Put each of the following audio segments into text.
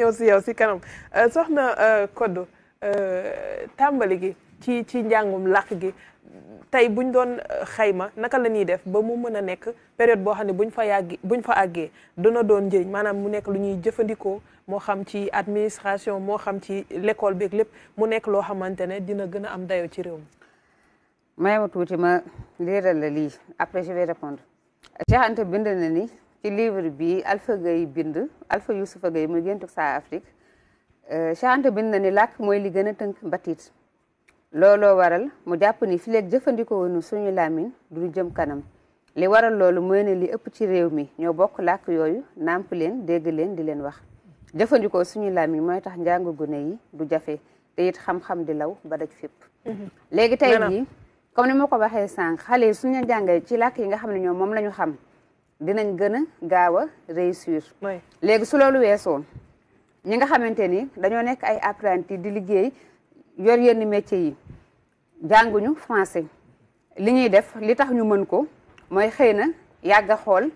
ñëw si yow si kanam euh, soxna euh, Koddo euh, tàmbali gi ci ci njàngum làkk gi tey buñ doon xayma naka la ñuy def ba mu mën a nekk période boo xam ne buñ fa yàgg buñ fa àggee dana doon njëriñ maanaam mu nekk lu ñuy jëfandikoo moo xam ci administration moo xam ci l'école beeg lépp mu nekk loo xamante ne dina gën a am dayo ci réew mi. may ma tuuti ma leeral lii après je vais répondre Cheikh Anta bind na ni. ci livre bi Alpha Gueye bind Alpha Youssoufa Gueye muy géntu saa Afrique euh, Cheikh Anta bind na ni làkk mooy li gën a tënk mbatit looloo waral mu jàpp ni fileeg jëfandikoo nu suñu làmmiñ du jëm kanam li waral loolu mooy ne li ëpp ci réew mi ñoo bokk làkk yooyu nàmp leen dégg leen di leen wax jëfandikoo suñu làmmiñ mooy tax njàngu gune yi du jafe te it xam-xam di law ba daj fépp mhm. léegi tey jii comme ni ma ko waxee sànq xale yi suñu jàngee ci làkk yi nga xam ne ñoom moom la ñu xam dinañ gën a gaaw a réussir. léegi su loolu weesoo ñi nga xamante ni dañoo nekk ay apprenti di liggéey yor yenn métiers yi jànguñu français li ñuy def li tax ñu mën ko mooy xëy na yàgg xool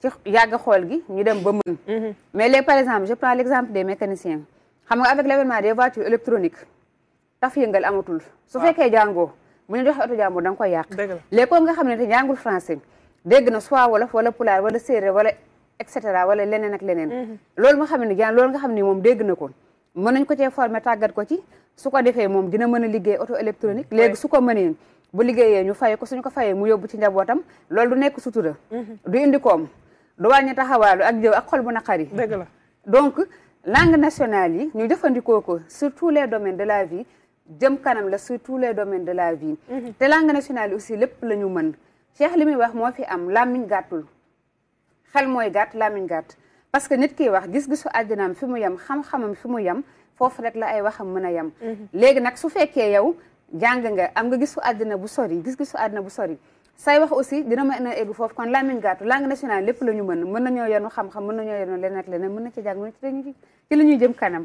ci yàgg a xool gi ñu dem ba mën. Mhm. mais léegi par exemple je prends l' exemple des mécaniciens xam nga avec l' avènement des voitures électroniques taf yëngal amatul. su fekkee jàngoo mu ñu joxe oto jàmbur da koy yàq. léegi nga xam ne te jàngul français. dégg na soit wolof wala pulaar wala séeréer wala et cetera wala leneen ak leneen mhm. loolu nga xam ne jaan loolu nga xam ne moom dégg na ko mën nañ ko cee former tàggat ko ci su ko defee moom dina mën a liggéey auto électronique léegi su ko mënee bu liggéeyee ñu fay ko suñ ko fayee mu yóbbu ci njabootam loolu du nekk sutura mhm. du indi koom du wàññi taxawaalu ak jëw ak xol bu naqari dëgg la donc langue nationale yi ñu jëfandikoo ko sur les domaines de la vie jëm kanam la sur les domaines de la vie mhm. te langue nationale yi aussi lépp la ñu mën cheikh li muy wax moo fi am làmmiñ gàttul xel mooy gàtt làmmiñ gàtt parce que nit kiy wax gis-gisu àddinaam fi mu yem xam-xamam fi mu yem foofu rek la ay waxam mën a yem mhm. léegi nag su fekkee yow jàng nga am nga gisu àddina bu sori gis-gisu àddina bu sori say wax aussi dina mën a egg foofu kon làmmiñ gàttu langue nationale lépp la ñu mën mën nañoo yenu xam-xam mën nañoo yenu leneen ak leneen mën na ci jàng mën na ci dañu ci la ñuy jëm kanam